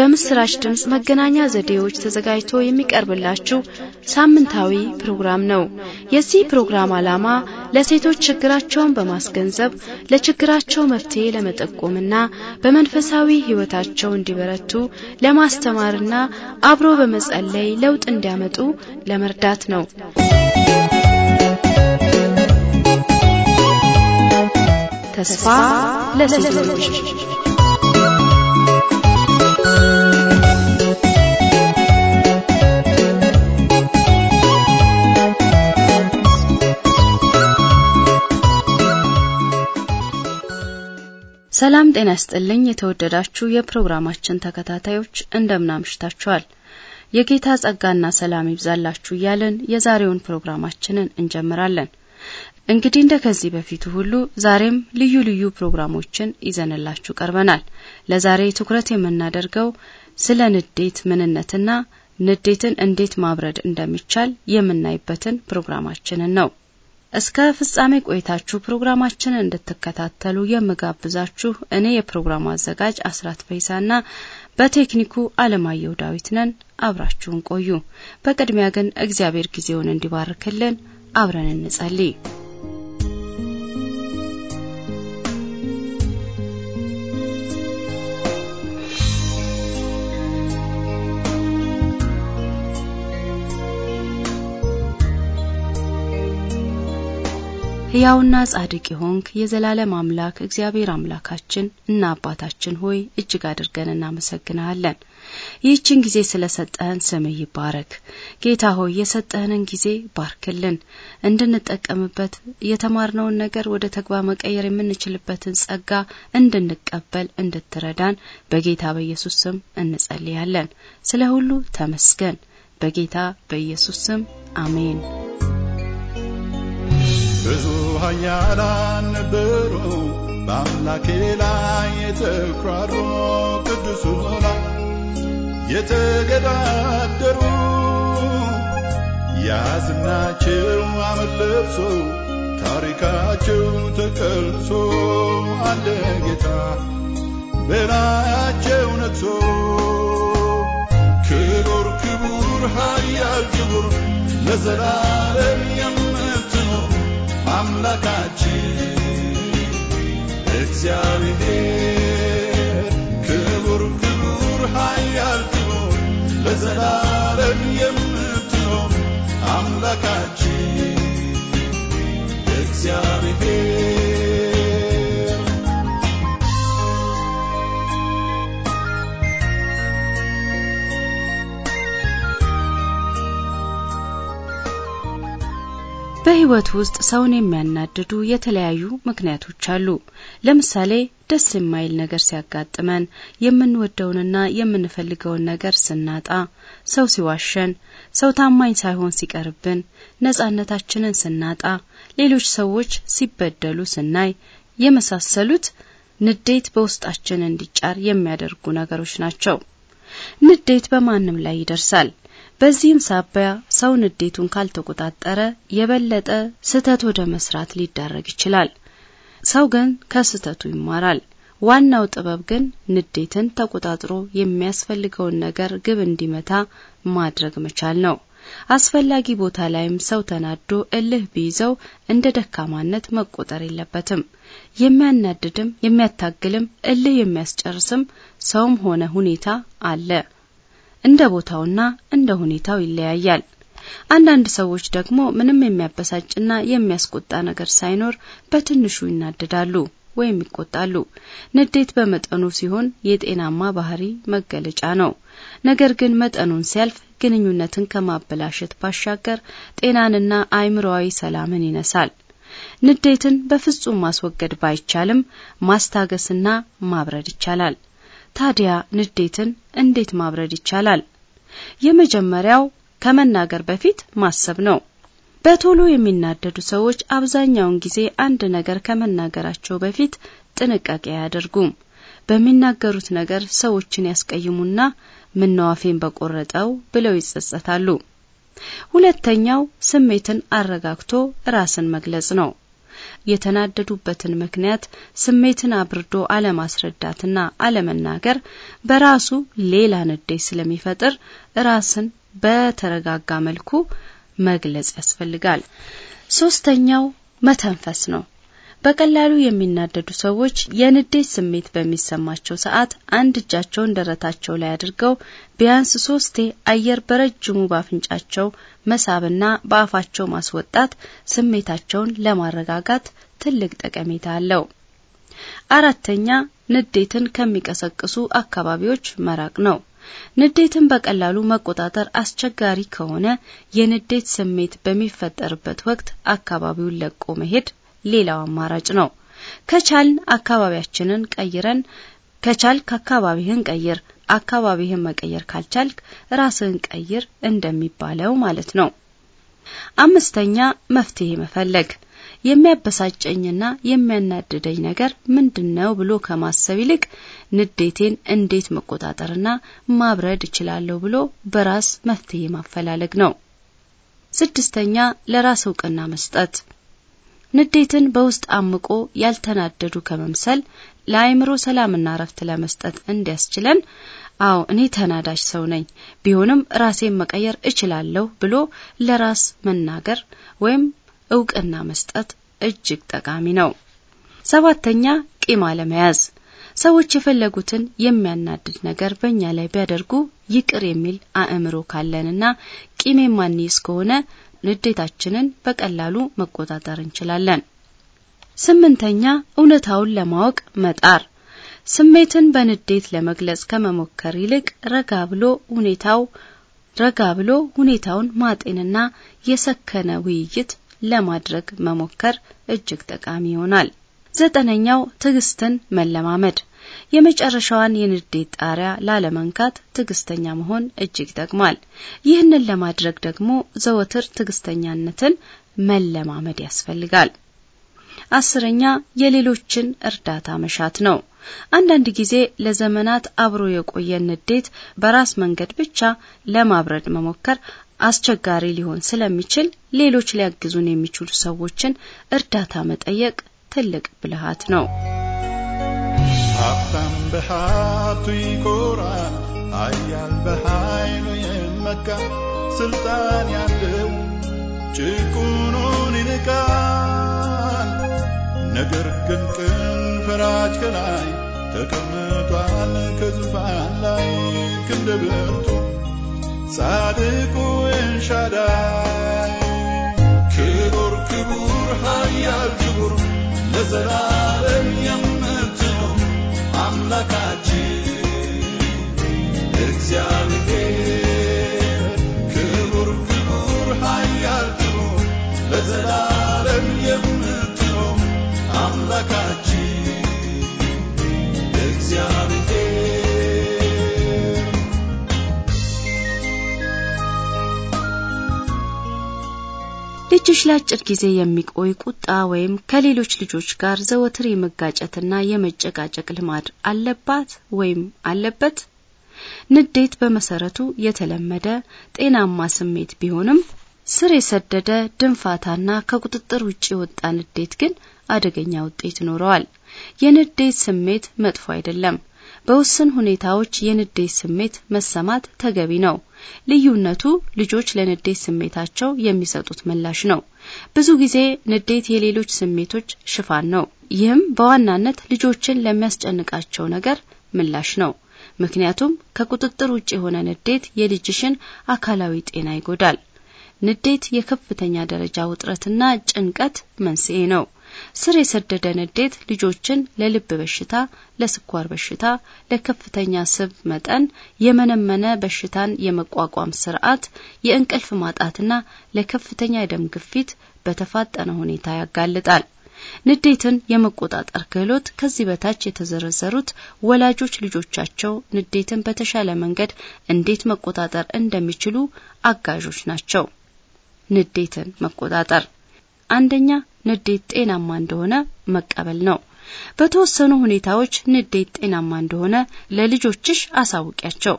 በምስራች ድምፅ መገናኛ ዘዴዎች ተዘጋጅቶ የሚቀርብላችሁ ሳምንታዊ ፕሮግራም ነው። የዚህ ፕሮግራም ዓላማ ለሴቶች ችግራቸውን በማስገንዘብ ለችግራቸው መፍትሄ ለመጠቆምና በመንፈሳዊ ህይወታቸው እንዲበረቱ ለማስተማርና አብሮ በመጸለይ ለውጥ እንዲያመጡ ለመርዳት ነው። ተስፋ ለሴቶች ሰላም ጤና ይስጥልኝ። የተወደዳችሁ የፕሮግራማችን ተከታታዮች እንደምን አምሽታችኋል? የጌታ ጸጋና ሰላም ይብዛላችሁ እያለን የዛሬውን ፕሮግራማችንን እንጀምራለን። እንግዲህ እንደ ከዚህ በፊቱ ሁሉ ዛሬም ልዩ ልዩ ፕሮግራሞችን ይዘንላችሁ ቀርበናል። ለዛሬ ትኩረት የምናደርገው ስለ ንዴት ምንነትና ንዴትን እንዴት ማብረድ እንደሚቻል የምናይበትን ፕሮግራማችንን ነው። እስከ ፍጻሜ ቆይታችሁ ፕሮግራማችንን እንድትከታተሉ የምጋብዛችሁ እኔ የፕሮግራሙ አዘጋጅ አስራት ፈይሳና በቴክኒኩ አለማየሁ ዳዊት ነን። አብራችሁን ቆዩ። በቅድሚያ ግን እግዚአብሔር ጊዜውን እንዲባርክልን አብረን እንጸልይ። ሕያውና ጻድቅ የሆንክ የዘላለም አምላክ እግዚአብሔር አምላካችን እና አባታችን ሆይ እጅግ አድርገን እናመሰግንሃለን። ይህችን ጊዜ ስለ ሰጠህን ስምህ ይባረክ። ጌታ ሆይ የሰጠህንን ጊዜ ባርክልን፣ እንድንጠቀምበት የተማርነውን ነገር ወደ ተግባር መቀየር የምንችልበትን ጸጋ እንድንቀበል እንድትረዳን በጌታ በኢየሱስ ስም እንጸልያለን። ስለ ሁሉ ተመስገን። በጌታ በኢየሱስ ስም አሜን። ብዙ ኃያላን ነበሩ በአምላኬ ላይ የተኩራሩ ቅዱሱ ላይ የተገዳደሩ ያዝናቸው አመድ ለብሶ ታሪካቸው ተቀልሶ አለ ጌታ በላያቸው ነግሶ ክቡር ክቡር ኃያል ክቡር ለዘላለም የምትኖር አምላካችን እግዚአብሔር ክቡር ክቡር ኃያል ክቡር በህይወት ውስጥ ሰውን የሚያናድዱ የተለያዩ ምክንያቶች አሉ። ለምሳሌ ደስ የማይል ነገር ሲያጋጥመን፣ የምንወደውንና የምንፈልገውን ነገር ስናጣ፣ ሰው ሲዋሸን፣ ሰው ታማኝ ሳይሆን ሲቀርብን፣ ነጻነታችንን ስናጣ፣ ሌሎች ሰዎች ሲበደሉ ስናይ፣ የመሳሰሉት ንዴት በውስጣችን እንዲጫር የሚያደርጉ ነገሮች ናቸው። ንዴት በማንም ላይ ይደርሳል። በዚህም ሳቢያ ሰው ንዴቱን ካልተቆጣጠረ የበለጠ ስህተት ወደ መስራት ሊዳረግ ይችላል። ሰው ግን ከስህተቱ ይማራል። ዋናው ጥበብ ግን ንዴትን ተቆጣጥሮ የሚያስፈልገውን ነገር ግብ እንዲመታ ማድረግ መቻል ነው። አስፈላጊ ቦታ ላይም ሰው ተናዶ እልህ ቢይዘው እንደ ደካማነት መቆጠር የለበትም። የሚያናድድም የሚያታግልም እልህ የሚያስጨርስም ሰውም ሆነ ሁኔታ አለ። እንደ ቦታውና እንደ ሁኔታው ይለያያል። አንዳንድ ሰዎች ደግሞ ምንም የሚያበሳጭና የሚያስቆጣ ነገር ሳይኖር በትንሹ ይናደዳሉ ወይም ይቆጣሉ። ንዴት በመጠኑ ሲሆን የጤናማ ባህሪ መገለጫ ነው። ነገር ግን መጠኑን ሲያልፍ ግንኙነትን ከማበላሸት ባሻገር ጤናንና አእምሮዊ ሰላምን ይነሳል። ንዴትን በፍጹም ማስወገድ ባይቻልም ማስታገስና ማብረድ ይቻላል። ታዲያ ንዴትን እንዴት ማብረድ ይቻላል? የመጀመሪያው ከመናገር በፊት ማሰብ ነው። በቶሎ የሚናደዱ ሰዎች አብዛኛውን ጊዜ አንድ ነገር ከመናገራቸው በፊት ጥንቃቄ አያደርጉም። በሚናገሩት ነገር ሰዎችን ያስቀይሙና ምነው በቆረጠው ብለው ይጸጸታሉ። ሁለተኛው ስሜትን አረጋግቶ ራስን መግለጽ ነው። የተናደዱበትን ምክንያት ስሜትን አብርዶ አለማስረዳትና አለመናገር በራሱ ሌላ ንዴት ስለሚፈጥር ራስን በተረጋጋ መልኩ መግለጽ ያስፈልጋል። ሶስተኛው መተንፈስ ነው። በቀላሉ የሚናደዱ ሰዎች የንዴት ስሜት በሚሰማቸው ሰዓት አንድ እጃቸውን ደረታቸው ላይ አድርገው ቢያንስ ሶስቴ አየር በረጅሙ ባፍንጫቸው መሳብና በአፋቸው ማስወጣት ስሜታቸውን ለማረጋጋት ትልቅ ጠቀሜታ አለው። አራተኛ ንዴትን ከሚቀሰቅሱ አካባቢዎች መራቅ ነው። ንዴትን በቀላሉ መቆጣጠር አስቸጋሪ ከሆነ የንዴት ስሜት በሚፈጠርበት ወቅት አካባቢውን ለቆ መሄድ ሌላው አማራጭ ነው። ከቻልን አካባቢያችንን ቀይረን ከቻል ከአካባቢህን ቀይር፣ አካባቢህን መቀየር ካልቻልክ ራስህን ቀይር እንደሚባለው ማለት ነው። አምስተኛ መፍትሄ መፈለግ የሚያበሳጨኝና የሚያናድደኝ ነገር ምንድነው ብሎ ከማሰብ ይልቅ ንዴቴን እንዴት መቆጣጠርና ማብረድ እችላለሁ ብሎ በራስ መፍትሄ ማፈላለግ ነው። ስድስተኛ ለራስ እውቅና መስጠት ንዴትን በውስጥ አምቆ ያልተናደዱ ከመምሰል ለአእምሮ ሰላምና እረፍት ለመስጠት እንዲያስችለን አዎ እኔ ተናዳጅ ሰው ነኝ፣ ቢሆንም ራሴን መቀየር እችላለሁ ብሎ ለራስ መናገር ወይም እውቅና መስጠት እጅግ ጠቃሚ ነው። ሰባተኛ ቂም አለመያዝ። ሰዎች የፈለጉትን የሚያናድድ ነገር በእኛ ላይ ቢያደርጉ ይቅር የሚል አእምሮ ካለንና ቂም የማንይዝ ከሆነ ንዴታችንን በቀላሉ መቆጣጠር እንችላለን። ስምንተኛ እውነታውን ለማወቅ መጣር። ስሜትን በንዴት ለመግለጽ ከመሞከር ይልቅ ረጋ ብሎ ሁኔታው ረጋ ብሎ ሁኔታውን ማጤንና የሰከነ ውይይት ለማድረግ መሞከር እጅግ ጠቃሚ ይሆናል። ዘጠነኛው ትዕግስትን መለማመድ የመጨረሻዋን የንዴት ጣሪያ ላለመንካት ትዕግስተኛ መሆን እጅግ ይጠቅማል። ይህንን ለማድረግ ደግሞ ዘወትር ትዕግስተኛነትን መለማመድ ያስፈልጋል። አስረኛ የሌሎችን እርዳታ መሻት ነው። አንዳንድ ጊዜ ለዘመናት አብሮ የቆየን ንዴት በራስ መንገድ ብቻ ለማብረድ መሞከር አስቸጋሪ ሊሆን ስለሚችል ሌሎች ሊያግዙን የሚችሉ ሰዎችን እርዳታ መጠየቅ ትልቅ ብልሃት ነው። በሀብቱ ይኮራል አያል በኃይሉ የመካ ስልጣን ያለው ጭቁኑን ይንቃል። ነገር ግን ቅን ፈራጅ ከላይ ተቀምጧል ከዙፋን ላይ ክንደ ብርቱ ጻድቁ ኤልሻዳይ ክቡር ክቡር ሃያል ክቡር ለዘላለም የም አምላካችን እግዚአብሔር ክቡር ክቡር ኃያል ክቡር ለዘላ ልጆች ለአጭር ጊዜ የሚቆይ ቁጣ ወይም ከሌሎች ልጆች ጋር ዘወትር የመጋጨትና የመጨቃጨቅ ልማድ አለባት ወይም አለበት? ንዴት በመሰረቱ የተለመደ ጤናማ ስሜት ቢሆንም ስር የሰደደ ድንፋታና ከቁጥጥር ውጭ የወጣ ንዴት ግን አደገኛ ውጤት ይኖረዋል። የንዴት ስሜት መጥፎ አይደለም፣ በውስን ሁኔታዎች የንዴት ስሜት መሰማት ተገቢ ነው። ልዩነቱ ልጆች ለንዴት ስሜታቸው የሚሰጡት ምላሽ ነው። ብዙ ጊዜ ንዴት የሌሎች ስሜቶች ሽፋን ነው። ይህም በዋናነት ልጆችን ለሚያስጨንቃቸው ነገር ምላሽ ነው። ምክንያቱም ከቁጥጥር ውጭ የሆነ ንዴት የልጅሽን አካላዊ ጤና ይጎዳል። ንዴት የከፍተኛ ደረጃ ውጥረትና ጭንቀት መንስኤ ነው። ስር የሰደደ ንዴት ልጆችን ለልብ በሽታ፣ ለስኳር በሽታ፣ ለከፍተኛ ስብ መጠን፣ የመነመነ በሽታን የመቋቋም ስርዓት፣ የእንቅልፍ ማጣትና ለከፍተኛ የደም ግፊት በተፋጠነ ሁኔታ ያጋልጣል። ንዴትን የመቆጣጠር ክህሎት ከዚህ በታች የተዘረዘሩት ወላጆች ልጆቻቸው ንዴትን በተሻለ መንገድ እንዴት መቆጣጠር እንደሚችሉ አጋዦች ናቸው። ንዴትን መቆጣጠር አንደኛ ንዴት ጤናማ እንደሆነ መቀበል ነው። በተወሰኑ ሁኔታዎች ንዴት ጤናማ እንደሆነ ለልጆችሽ አሳውቂያቸው።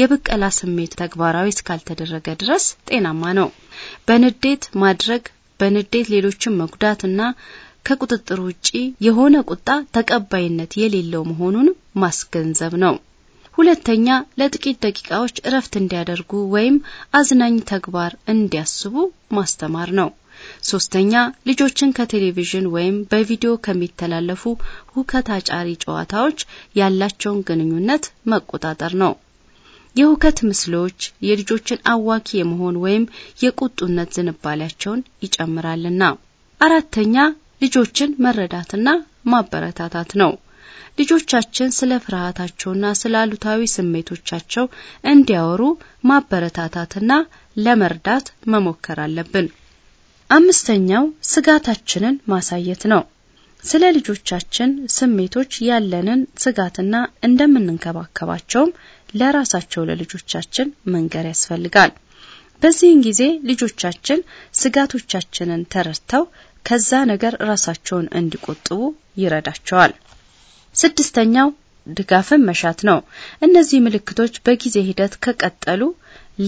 የብቀላ ስሜት ተግባራዊ እስካልተደረገ ድረስ ጤናማ ነው። በንዴት ማድረግ፣ በንዴት ሌሎችን መጉዳትና ከቁጥጥር ውጪ የሆነ ቁጣ ተቀባይነት የሌለው መሆኑን ማስገንዘብ ነው። ሁለተኛ ለጥቂት ደቂቃዎች እረፍት እንዲያደርጉ ወይም አዝናኝ ተግባር እንዲያስቡ ማስተማር ነው። ሶስተኛ ልጆችን ከቴሌቪዥን ወይም በቪዲዮ ከሚተላለፉ ሁከት አጫሪ ጨዋታዎች ያላቸውን ግንኙነት መቆጣጠር ነው። የሁከት ምስሎች የልጆችን አዋኪ የመሆን ወይም የቁጡነት ዝንባሌያቸውን ይጨምራልና። አራተኛ ልጆችን መረዳትና ማበረታታት ነው። ልጆቻችን ስለ ፍርሃታቸውና ስለ አሉታዊ ስሜቶቻቸው እንዲያወሩ ማበረታታትና ለመርዳት መሞከር አለብን። አምስተኛው ስጋታችንን ማሳየት ነው። ስለ ልጆቻችን ስሜቶች ያለንን ስጋትና እንደምንንከባከባቸውም ለራሳቸው ለልጆቻችን መንገር ያስፈልጋል። በዚህን ጊዜ ልጆቻችን ስጋቶቻችንን ተረድተው ከዛ ነገር ራሳቸውን እንዲቆጥቡ ይረዳቸዋል። ስድስተኛው ድጋፍን መሻት ነው። እነዚህ ምልክቶች በጊዜ ሂደት ከቀጠሉ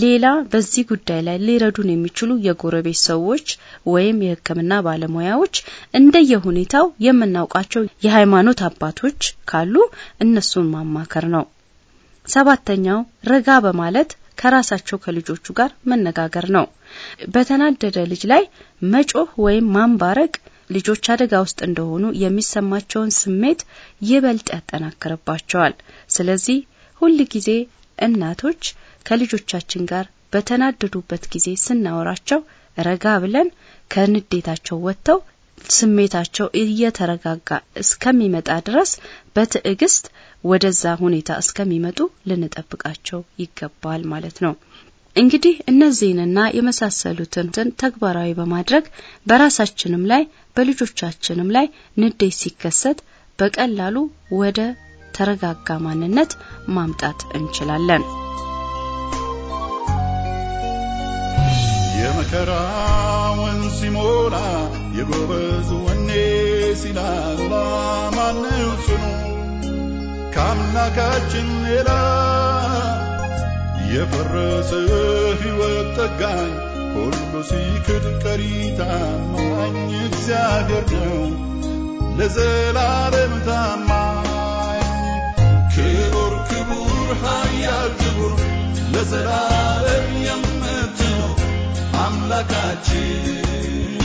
ሌላ በዚህ ጉዳይ ላይ ሊረዱን የሚችሉ የጎረቤት ሰዎች ወይም የሕክምና ባለሙያዎች እንደየሁኔታው የምናውቃቸው የሃይማኖት አባቶች ካሉ እነሱን ማማከር ነው። ሰባተኛው ረጋ በማለት ከራሳቸው ከልጆቹ ጋር መነጋገር ነው። በተናደደ ልጅ ላይ መጮህ ወይም ማንባረቅ ልጆች አደጋ ውስጥ እንደሆኑ የሚሰማቸውን ስሜት ይበልጥ ያጠናክርባቸዋል። ስለዚህ ሁል ጊዜ እናቶች ከልጆቻችን ጋር በተናደዱበት ጊዜ ስናወራቸው ረጋ ብለን ከንዴታቸው ወጥተው ስሜታቸው እየተረጋጋ እስከሚመጣ ድረስ በትዕግስት ወደዛ ሁኔታ እስከሚመጡ ልንጠብቃቸው ይገባል ማለት ነው። እንግዲህ እነዚህንና የመሳሰሉትን ተግባራዊ በማድረግ በራሳችንም ላይ በልጆቻችንም ላይ ንዴት ሲከሰት በቀላሉ ወደ ተረጋጋ ማንነት ማምጣት እንችላለን። መከራውን ሲሞላ የጎበዝ ወኔ ሲላላ ማነው ጽኑ ከአምላካችን ሌላ የፈረሰ ሕይወት ጠጋኝ ሁሉ ሲክድ ቀሪታ ታማኝ እግዚአብሔር ነው ለዘላለም ታማኝ ክቡር ክቡር ኃያል ክቡር ለዘላለም አምላካችን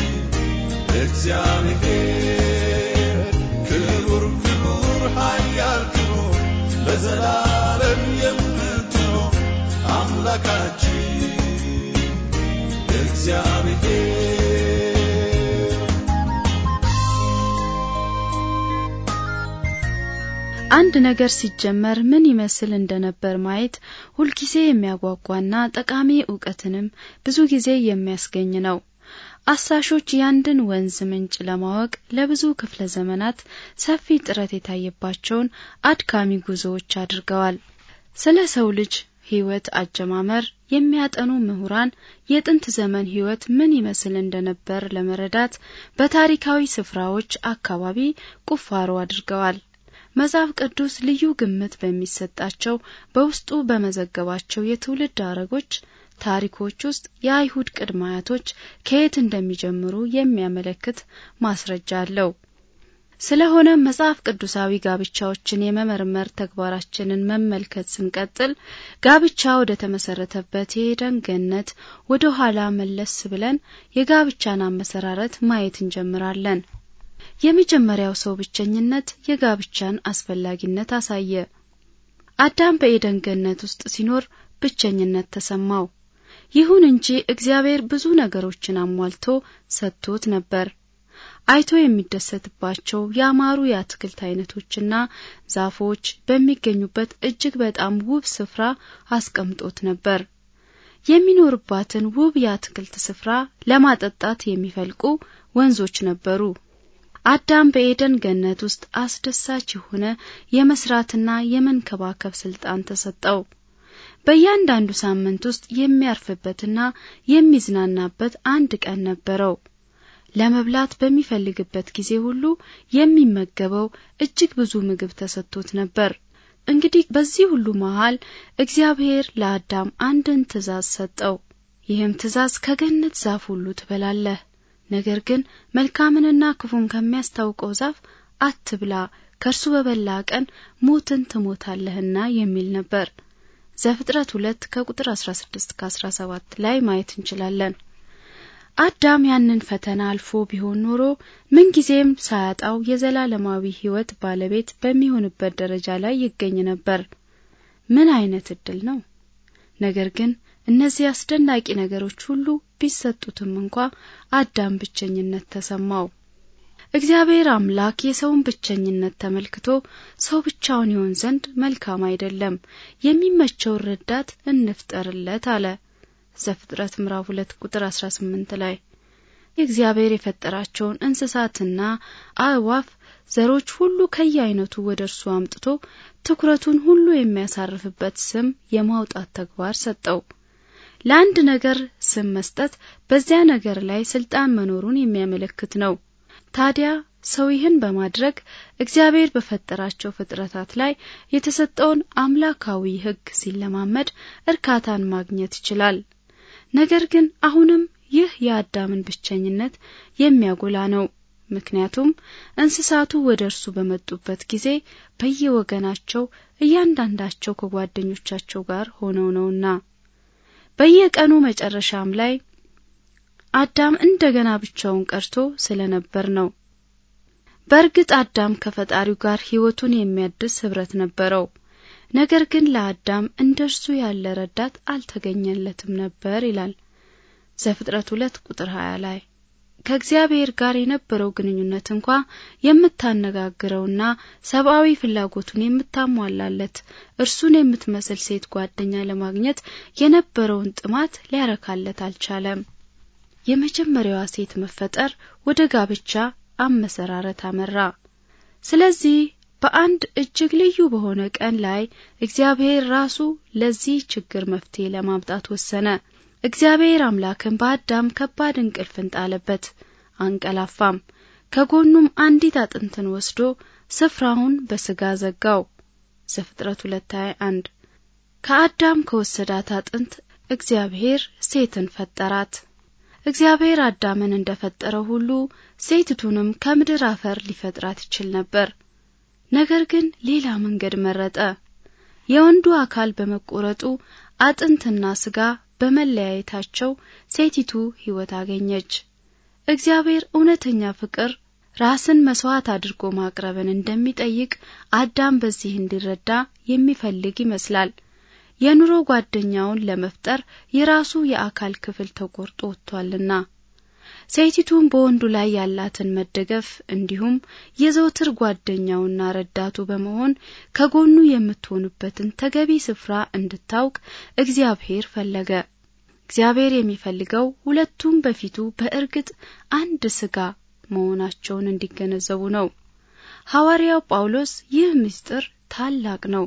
እግዚአብሔር ክቡር ክቡር ኃያል ክቡር ለዘላለም የምትኖር አምላካችን እግዚአብሔር አንድ ነገር ሲጀመር ምን ይመስል እንደነበር ማየት ሁልጊዜ የሚያጓጓና ጠቃሚ እውቀትንም ብዙ ጊዜ የሚያስገኝ ነው። አሳሾች ያንድን ወንዝ ምንጭ ለማወቅ ለብዙ ክፍለ ዘመናት ሰፊ ጥረት የታየባቸውን አድካሚ ጉዞዎች አድርገዋል። ስለ ሰው ልጅ ሕይወት አጀማመር የሚያጠኑ ምሁራን የጥንት ዘመን ሕይወት ምን ይመስል እንደነበር ለመረዳት በታሪካዊ ስፍራዎች አካባቢ ቁፋሮ አድርገዋል። መጽሐፍ ቅዱስ ልዩ ግምት በሚሰጣቸው በውስጡ በመዘገባቸው የትውልድ አረጎች ታሪኮች ውስጥ የአይሁድ ቅድመ አያቶች ከየት እንደሚጀምሩ የሚያመለክት ማስረጃ አለው። ስለሆነ መጽሐፍ ቅዱሳዊ ጋብቻዎችን የመመርመር ተግባራችንን መመልከት ስንቀጥል ጋብቻ ወደ ተመሰረተበት የኤደን ገነት ወደ ኋላ መለስ ብለን የጋብቻን አመሰራረት ማየት እንጀምራለን። የመጀመሪያው ሰው ብቸኝነት የጋብቻን አስፈላጊነት አሳየ። አዳም በኤደን ገነት ውስጥ ሲኖር ብቸኝነት ተሰማው። ይሁን እንጂ እግዚአብሔር ብዙ ነገሮችን አሟልቶ ሰጥቶት ነበር። አይቶ የሚደሰትባቸው ያማሩ የአትክልት አይነቶችና ዛፎች በሚገኙበት እጅግ በጣም ውብ ስፍራ አስቀምጦት ነበር። የሚኖርባትን ውብ የአትክልት ስፍራ ለማጠጣት የሚፈልቁ ወንዞች ነበሩ። አዳም በኤደን ገነት ውስጥ አስደሳች የሆነ የመስራትና የመንከባከብ ስልጣን ተሰጠው። በእያንዳንዱ ሳምንት ውስጥ የሚያርፍበትና የሚዝናናበት አንድ ቀን ነበረው። ለመብላት በሚፈልግበት ጊዜ ሁሉ የሚመገበው እጅግ ብዙ ምግብ ተሰጥቶት ነበር። እንግዲህ በዚህ ሁሉ መሃል እግዚአብሔር ለአዳም አንድን ትእዛዝ ሰጠው። ይህም ትእዛዝ ከገነት ዛፍ ሁሉ ትበላለህ ነገር ግን መልካምንና ክፉን ከሚያስታውቀው ዛፍ አትብላ ከእርሱ በበላ ቀን ሞትን ትሞታለህና የሚል ነበር። ዘፍጥረት ሁለት ከቁጥር 16 ከ17 ላይ ማየት እንችላለን። አዳም ያንን ፈተና አልፎ ቢሆን ኖሮ ምንጊዜም ሳያጣው የዘላለማዊ ሕይወት ባለቤት በሚሆንበት ደረጃ ላይ ይገኝ ነበር። ምን አይነት እድል ነው! ነገር ግን እነዚህ አስደናቂ ነገሮች ሁሉ ቢሰጡትም እንኳ አዳም ብቸኝነት ተሰማው። እግዚአብሔር አምላክ የሰውን ብቸኝነት ተመልክቶ ሰው ብቻውን ይሆን ዘንድ መልካም አይደለም፣ የሚመቸውን ረዳት እንፍጠርለት አለ። ዘፍጥረት ምዕራፍ 2 ቁጥር 18 ላይ እግዚአብሔር የፈጠራቸውን እንስሳትና አእዋፍ ዘሮች ሁሉ ከየአይነቱ ወደ እርሱ አምጥቶ ትኩረቱን ሁሉ የሚያሳርፍበት ስም የማውጣት ተግባር ሰጠው። ለአንድ ነገር ስም መስጠት በዚያ ነገር ላይ ስልጣን መኖሩን የሚያመለክት ነው። ታዲያ ሰው ይህን በማድረግ እግዚአብሔር በፈጠራቸው ፍጥረታት ላይ የተሰጠውን አምላካዊ ሕግ ሲለማመድ እርካታን ማግኘት ይችላል። ነገር ግን አሁንም ይህ የአዳምን ብቸኝነት የሚያጎላ ነው። ምክንያቱም እንስሳቱ ወደ እርሱ በመጡበት ጊዜ በየወገናቸው እያንዳንዳቸው ከጓደኞቻቸው ጋር ሆነው ነውና። በየቀኑ መጨረሻም ላይ አዳም እንደገና ብቻውን ቀርቶ ስለነበር ነው። በእርግጥ አዳም ከፈጣሪው ጋር ሕይወቱን የሚያድስ ኅብረት ነበረው። ነገር ግን ለአዳም እንደ እርሱ ያለ ረዳት አልተገኘለትም ነበር ይላል ዘፍጥረት ሁለት ቁጥር ሀያ ላይ ከእግዚአብሔር ጋር የነበረው ግንኙነት እንኳ የምታነጋግረውና ሰብአዊ ፍላጎቱን የምታሟላለት እርሱን የምትመስል ሴት ጓደኛ ለማግኘት የነበረውን ጥማት ሊያረካለት አልቻለም። የመጀመሪያዋ ሴት መፈጠር ወደ ጋብቻ አመሰራረት አመራ። ስለዚህ በአንድ እጅግ ልዩ በሆነ ቀን ላይ እግዚአብሔር ራሱ ለዚህ ችግር መፍትሄ ለማምጣት ወሰነ። እግዚአብሔር አምላክም በአዳም ከባድ እንቅልፍን ጣለበት፣ አንቀላፋም። ከጎኑም አንዲት አጥንትን ወስዶ ስፍራውን በስጋ ዘጋው። ዘፍጥረት 2:21 ከአዳም ከወሰዳት አጥንት እግዚአብሔር ሴትን ፈጠራት። እግዚአብሔር አዳምን እንደፈጠረው ሁሉ ሴትቱንም ከምድር አፈር ሊፈጥራት ይችል ነበር። ነገር ግን ሌላ መንገድ መረጠ። የወንዱ አካል በመቆረጡ አጥንትና ስጋ በመለያየታቸው ሴቲቱ ሕይወት አገኘች። እግዚአብሔር እውነተኛ ፍቅር ራስን መስዋዕት አድርጎ ማቅረብን እንደሚጠይቅ አዳም በዚህ እንዲረዳ የሚፈልግ ይመስላል። የኑሮ ጓደኛውን ለመፍጠር የራሱ የአካል ክፍል ተቆርጦ ወጥቷልና ሴቲቱም በወንዱ ላይ ያላትን መደገፍ እንዲሁም የዘወትር ጓደኛውና ረዳቱ በመሆን ከጎኑ የምትሆኑበትን ተገቢ ስፍራ እንድታውቅ እግዚአብሔር ፈለገ። እግዚአብሔር የሚፈልገው ሁለቱም በፊቱ በእርግጥ አንድ ስጋ መሆናቸውን እንዲገነዘቡ ነው። ሐዋርያው ጳውሎስ ይህ ምስጢር ታላቅ ነው፣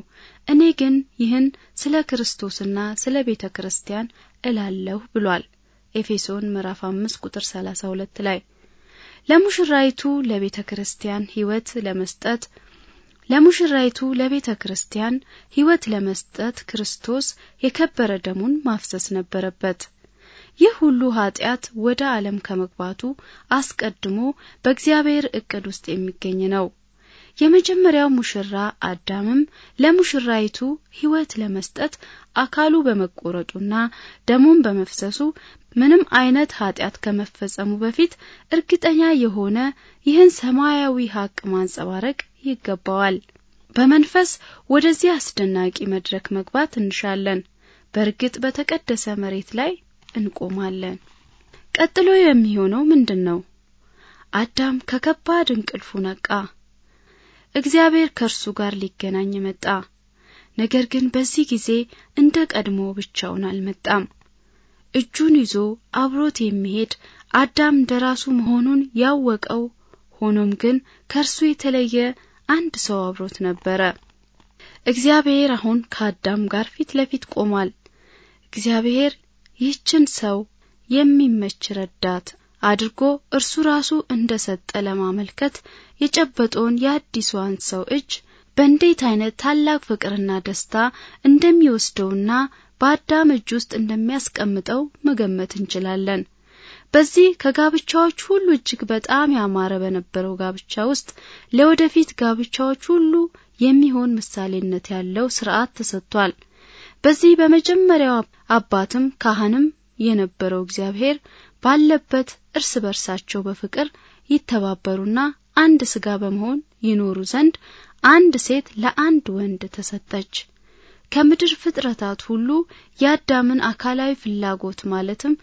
እኔ ግን ይህን ስለ ክርስቶስና ስለ ቤተ ክርስቲያን እላለሁ ብሏል። ኤፌሶን ምዕራፍ 5 ቁጥር 32 ላይ ለሙሽራይቱ ለቤተ ክርስቲያን ህይወት ለመስጠት ለሙሽራይቱ ለቤተ ክርስቲያን ህይወት ለመስጠት ክርስቶስ የከበረ ደሙን ማፍሰስ ነበረበት። ይህ ሁሉ ኃጢአት ወደ ዓለም ከመግባቱ አስቀድሞ በእግዚአብሔር እቅድ ውስጥ የሚገኝ ነው። የመጀመሪያው ሙሽራ አዳምም ለሙሽራይቱ ሕይወት ለመስጠት አካሉ በመቆረጡና ደሙን በመፍሰሱ ምንም አይነት ኃጢአት ከመፈጸሙ በፊት እርግጠኛ የሆነ ይህን ሰማያዊ ሀቅ ማንጸባረቅ ይገባዋል። በመንፈስ ወደዚህ አስደናቂ መድረክ መግባት እንሻለን። በእርግጥ በተቀደሰ መሬት ላይ እንቆማለን። ቀጥሎ የሚሆነው ምንድን ነው? አዳም ከከባድ እንቅልፉ ነቃ። እግዚአብሔር ከእርሱ ጋር ሊገናኝ መጣ። ነገር ግን በዚህ ጊዜ እንደ ቀድሞ ብቻውን አልመጣም። እጁን ይዞ አብሮት የሚሄድ አዳም እንደ ራሱ መሆኑን ያወቀው፣ ሆኖም ግን ከእርሱ የተለየ አንድ ሰው አብሮት ነበረ። እግዚአብሔር አሁን ከአዳም ጋር ፊት ለፊት ቆሟል። እግዚአብሔር ይህችን ሰው የሚመች ረዳት አድርጎ እርሱ ራሱ እንደ ሰጠ ለማመልከት የጨበጠውን የአዲሷን ሰው እጅ በእንዴት አይነት ታላቅ ፍቅርና ደስታ እንደሚወስደውና በአዳም እጅ ውስጥ እንደሚያስቀምጠው መገመት እንችላለን። በዚህ ከጋብቻዎች ሁሉ እጅግ በጣም ያማረ በነበረው ጋብቻ ውስጥ ለወደፊት ጋብቻዎች ሁሉ የሚሆን ምሳሌነት ያለው ስርዓት ተሰጥቷል። በዚህ በመጀመሪያው አባትም ካህንም የነበረው እግዚአብሔር ባለበት እርስ በርሳቸው በፍቅር ይተባበሩና አንድ ስጋ በመሆን ይኖሩ ዘንድ አንድ ሴት ለአንድ ወንድ ተሰጠች። ከምድር ፍጥረታት ሁሉ የአዳምን አካላዊ ፍላጎት ማለትም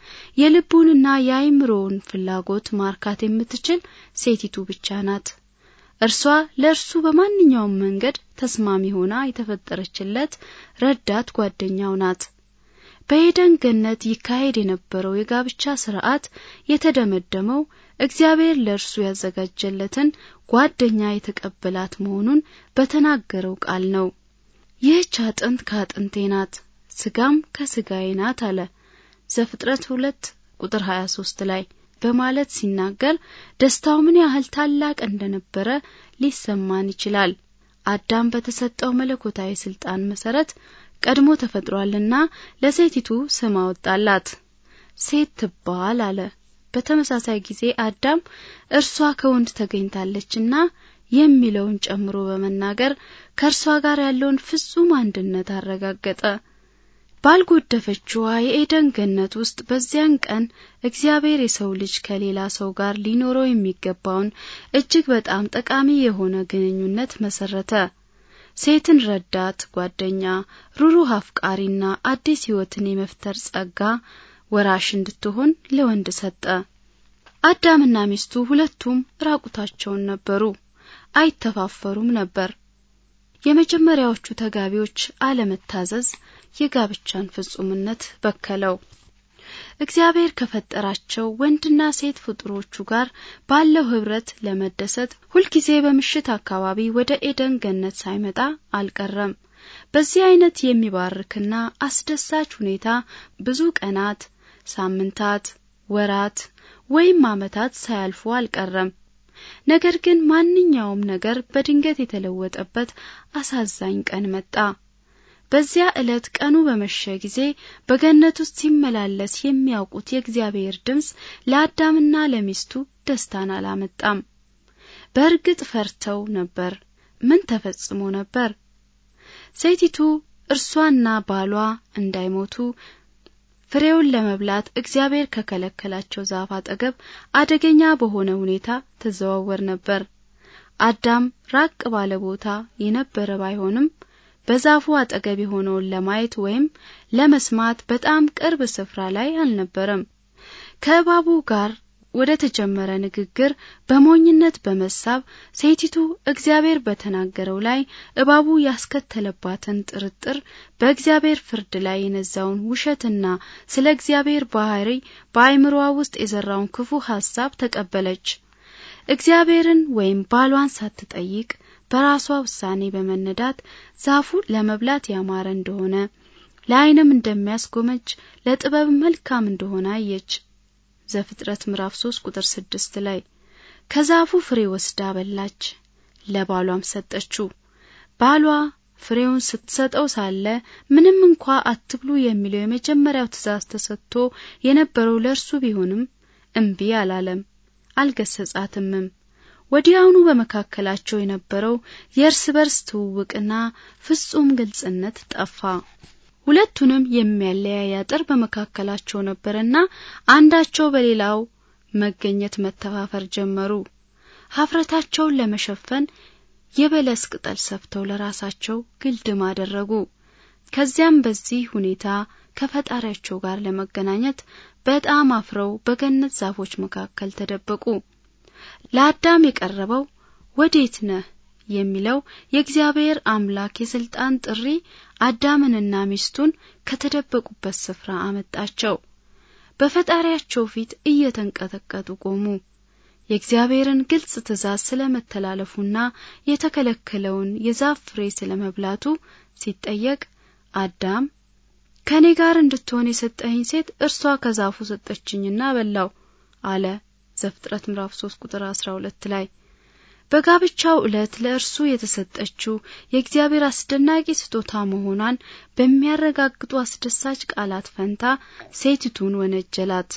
የልቡንና የአይምሮውን ፍላጎት ማርካት የምትችል ሴቲቱ ብቻ ናት። እርሷ ለእርሱ በማንኛውም መንገድ ተስማሚ ሆና የተፈጠረችለት ረዳት ጓደኛው ናት። በኤደን ገነት ይካሄድ የነበረው የጋብቻ ስርዓት የተደመደመው እግዚአብሔር ለእርሱ ያዘጋጀለትን ጓደኛ የተቀበላት መሆኑን በተናገረው ቃል ነው። ይህች አጥንት ከአጥንቴ ናት፣ ስጋም ከስጋዬ ናት አለ ዘፍጥረት ሁለት ቁጥር ሀያ ሶስት ላይ በማለት ሲናገር ደስታው ምን ያህል ታላቅ እንደነበረ ሊሰማን ይችላል። አዳም በተሰጠው መለኮታዊ ስልጣን መሰረት ቀድሞ ተፈጥሯልና ለሴቲቱ ስም አወጣላት ሴት ትባል አለ በተመሳሳይ ጊዜ አዳም እርሷ ከወንድ ተገኝታለችና የሚለውን ጨምሮ በመናገር ከእርሷ ጋር ያለውን ፍጹም አንድነት አረጋገጠ። ባልጎደፈችዋ የኤደን ገነት ውስጥ በዚያን ቀን እግዚአብሔር የሰው ልጅ ከሌላ ሰው ጋር ሊኖረው የሚገባውን እጅግ በጣም ጠቃሚ የሆነ ግንኙነት መሰረተ። ሴትን ረዳት ጓደኛ፣ ሩሩህ አፍቃሪና አዲስ ሕይወትን የመፍጠር ጸጋ ወራሽ እንድትሆን ለወንድ ሰጠ። አዳምና ሚስቱ ሁለቱም ራቁታቸውን ነበሩ፣ አይተፋፈሩም ነበር። የመጀመሪያዎቹ ተጋቢዎች አለመታዘዝ የጋብቻን ፍጹምነት በከለው። እግዚአብሔር ከፈጠራቸው ወንድና ሴት ፍጡሮቹ ጋር ባለው ህብረት ለመደሰት ሁልጊዜ በምሽት አካባቢ ወደ ኤደን ገነት ሳይመጣ አልቀረም። በዚህ አይነት የሚባርክና አስደሳች ሁኔታ ብዙ ቀናት፣ ሳምንታት፣ ወራት ወይም ዓመታት ሳያልፉ አልቀረም። ነገር ግን ማንኛውም ነገር በድንገት የተለወጠበት አሳዛኝ ቀን መጣ። በዚያ ዕለት ቀኑ በመሸ ጊዜ በገነት ውስጥ ሲመላለስ የሚያውቁት የእግዚአብሔር ድምፅ ለአዳምና ለሚስቱ ደስታን አላመጣም። በእርግጥ ፈርተው ነበር። ምን ተፈጽሞ ነበር? ሴቲቱ እርሷና ባሏ እንዳይሞቱ ፍሬውን ለመብላት እግዚአብሔር ከከለከላቸው ዛፍ አጠገብ አደገኛ በሆነ ሁኔታ ተዘዋወር ነበር። አዳም ራቅ ባለ ቦታ የነበረ ባይሆንም በዛፉ አጠገብ የሆነውን ለማየት ወይም ለመስማት በጣም ቅርብ ስፍራ ላይ አልነበረም። ከእባቡ ጋር ወደ ተጀመረ ንግግር በሞኝነት በመሳብ ሴቲቱ እግዚአብሔር በተናገረው ላይ እባቡ ያስከተለባትን ጥርጥር፣ በእግዚአብሔር ፍርድ ላይ የነዛውን ውሸትና ስለ እግዚአብሔር ባህሪ በአእምሮዋ ውስጥ የዘራውን ክፉ ሐሳብ ተቀበለች። እግዚአብሔርን ወይም ባሏን ሳትጠይቅ በራሷ ውሳኔ በመነዳት ዛፉ ለመብላት ያማረ እንደሆነ ለዓይንም እንደሚያስጎመጅ ለጥበብ መልካም እንደሆነ አየች። ዘፍጥረት ምዕራፍ 3 ቁጥር 6 ላይ ከዛፉ ፍሬ ወስዳ በላች፣ ለባሏም ሰጠችው። ባሏ ፍሬውን ስትሰጠው ሳለ ምንም እንኳ አትብሉ የሚለው የመጀመሪያው ትእዛዝ ተሰጥቶ የነበረው ለእርሱ ቢሆንም እምቢ አላለም፣ አልገሰጻትምም። ወዲያውኑ በመካከላቸው የነበረው የእርስ በርስ ትውውቅና ፍጹም ግልጽነት ጠፋ። ሁለቱንም የሚያለያይ አጥር በመካከላቸው ነበርና አንዳቸው በሌላው መገኘት መተፋፈር ጀመሩ። ሀፍረታቸውን ለመሸፈን የበለስ ቅጠል ሰፍተው ለራሳቸው ግልድም አደረጉ። ከዚያም በዚህ ሁኔታ ከፈጣሪያቸው ጋር ለመገናኘት በጣም አፍረው በገነት ዛፎች መካከል ተደበቁ። ለአዳም የቀረበው ወዴት ነህ የሚለው የእግዚአብሔር አምላክ የስልጣን ጥሪ አዳምንና ሚስቱን ከተደበቁበት ስፍራ አመጣቸው። በፈጣሪያቸው ፊት እየተንቀጠቀጡ ቆሙ። የእግዚአብሔርን ግልጽ ትእዛዝ ስለ መተላለፉና የተከለከለውን የዛፍ ፍሬ ስለ መብላቱ ሲጠየቅ አዳም ከእኔ ጋር እንድትሆን የሰጠኝ ሴት እርሷ ከዛፉ ሰጠችኝና በላው አለ። ዘፍጥረት ምዕራፍ 3 ቁጥር 12 ላይ በጋብቻው ዕለት ለእርሱ የተሰጠችው የእግዚአብሔር አስደናቂ ስጦታ መሆኗን በሚያረጋግጡ አስደሳች ቃላት ፈንታ ሴቲቱን ወነጀላት።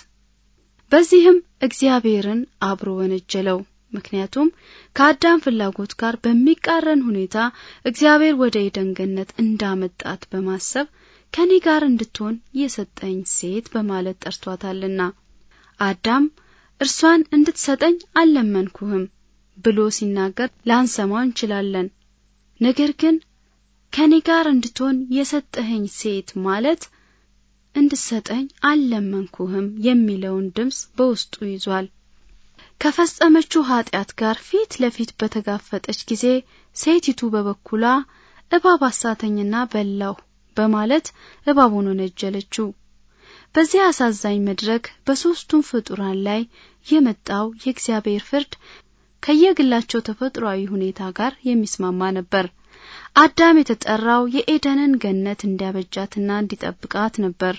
በዚህም እግዚአብሔርን አብሮ ወነጀለው። ምክንያቱም ከአዳም ፍላጎት ጋር በሚቃረን ሁኔታ እግዚአብሔር ወደ ኤደን ገነት እንዳመጣት በማሰብ ከኔ ጋር እንድትሆን የሰጠኝ ሴት በማለት ጠርቷታልና አዳም እርሷን እንድትሰጠኝ አልለመንኩህም ብሎ ሲናገር ላንሰማው እንችላለን። ነገር ግን ከኔ ጋር እንድትሆን የሰጠኸኝ ሴት ማለት እንድትሰጠኝ አልለመንኩህም የሚለውን ድምፅ በውስጡ ይዟል። ከፈጸመችው ኃጢአት ጋር ፊት ለፊት በተጋፈጠች ጊዜ ሴቲቱ በበኩሏ እባብ አሳተኝና በላሁ በማለት እባቡን ወነጀለችው። በዚያ አሳዛኝ መድረክ በሦስቱም ፍጡራን ላይ የመጣው የእግዚአብሔር ፍርድ ከየግላቸው ተፈጥሯዊ ሁኔታ ጋር የሚስማማ ነበር። አዳም የተጠራው የኤደንን ገነት እንዲያበጃትና እንዲጠብቃት ነበር።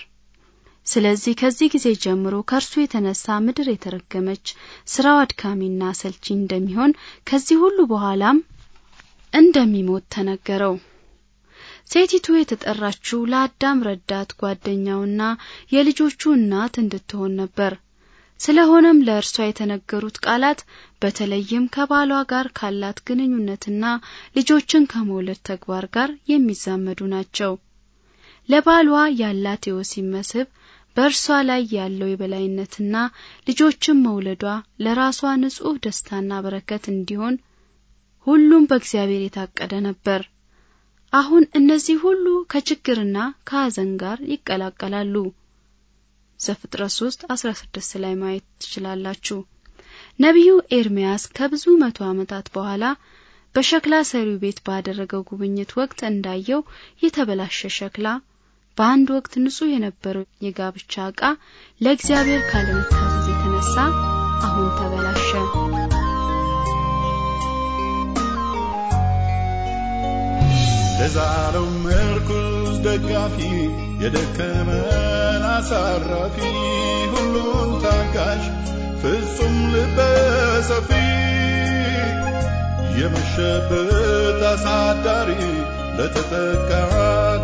ስለዚህ ከዚህ ጊዜ ጀምሮ ከእርሱ የተነሳ ምድር የተረገመች፣ ስራው አድካሚና አሰልቺ እንደሚሆን ከዚህ ሁሉ በኋላም እንደሚሞት ተነገረው። ሴቲቱ የተጠራችው ለአዳም ረዳት ጓደኛውና የልጆቹ እናት እንድትሆን ነበር። ስለሆነም ለእርሷ የተነገሩት ቃላት በተለይም ከባሏ ጋር ካላት ግንኙነትና ልጆችን ከመውለድ ተግባር ጋር የሚዛመዱ ናቸው። ለባሏ ያላት የወሲብ መስህብ በእርሷ ላይ ያለው የበላይነትና ልጆችን መውለዷ ለራሷ ንጹሕ ደስታና በረከት እንዲሆን ሁሉም በእግዚአብሔር የታቀደ ነበር። አሁን እነዚህ ሁሉ ከችግርና ከሐዘን ጋር ይቀላቀላሉ። ዘፍጥረት 3 16 ላይ ማየት ትችላላችሁ። ነቢዩ ኤርሚያስ ከብዙ መቶ ዓመታት በኋላ በሸክላ ሰሪው ቤት ባደረገው ጉብኝት ወቅት እንዳየው የተበላሸ ሸክላ በአንድ ወቅት ንጹህ የነበረው የጋብቻ ዕቃ ለእግዚአብሔር ካለመታዘዝ የተነሳ አሁን ተበላሸ። ለዛሬው ምርኩዝ ደጋፊ የደከመን አሳራፊ ሁሉን ታጋሽ ፍጹም ልበ ሰፊ የመሸበት አሳዳሪ ለተጠቃ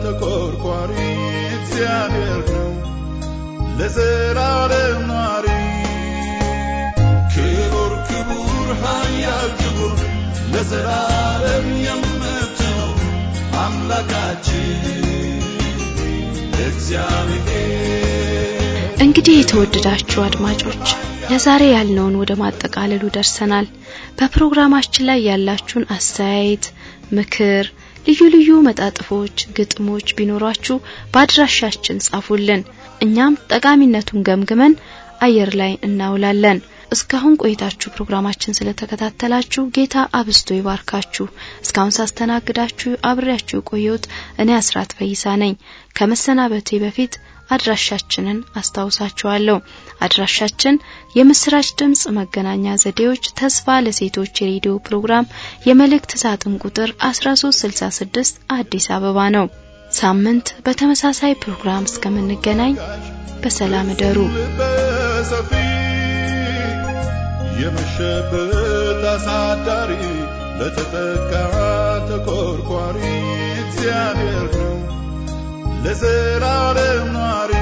ተቆርቋሪ እግዚአብሔር ነው ለዘላለም ኗሪ ክቡር ክቡር ኃያል ጅጉር ለዘላለም የም እንግዲህ የተወደዳችሁ አድማጮች ለዛሬ ያልነውን ወደ ማጠቃለሉ ደርሰናል። በፕሮግራማችን ላይ ያላችሁን አስተያየት፣ ምክር፣ ልዩ ልዩ መጣጥፎች፣ ግጥሞች ቢኖራችሁ በአድራሻችን ጻፉልን። እኛም ጠቃሚነቱን ገምግመን አየር ላይ እናውላለን። እስካሁን ቆይታችሁ ፕሮግራማችን ስለተከታተላችሁ ጌታ አብስቶ ይባርካችሁ። እስካሁን ሳስተናግዳችሁ አብሬያችሁ ቆየሁት እኔ አስራት ፈይሳ ነኝ። ከመሰናበቴ በፊት አድራሻችንን አስታውሳችኋለሁ። አድራሻችን የምስራች ድምጽ መገናኛ ዘዴዎች ተስፋ ለሴቶች የሬዲዮ ፕሮግራም የመልእክት ሳጥን ቁጥር 1366 አዲስ አበባ ነው። ሳምንት በተመሳሳይ ፕሮግራም እስከምንገናኝ በሰላም እደሩ። የመሸበት አሳዳሪ ለተጠቃ ተቆርቋሪ እግዚአብሔር ነው ለዘላለም ኗሪ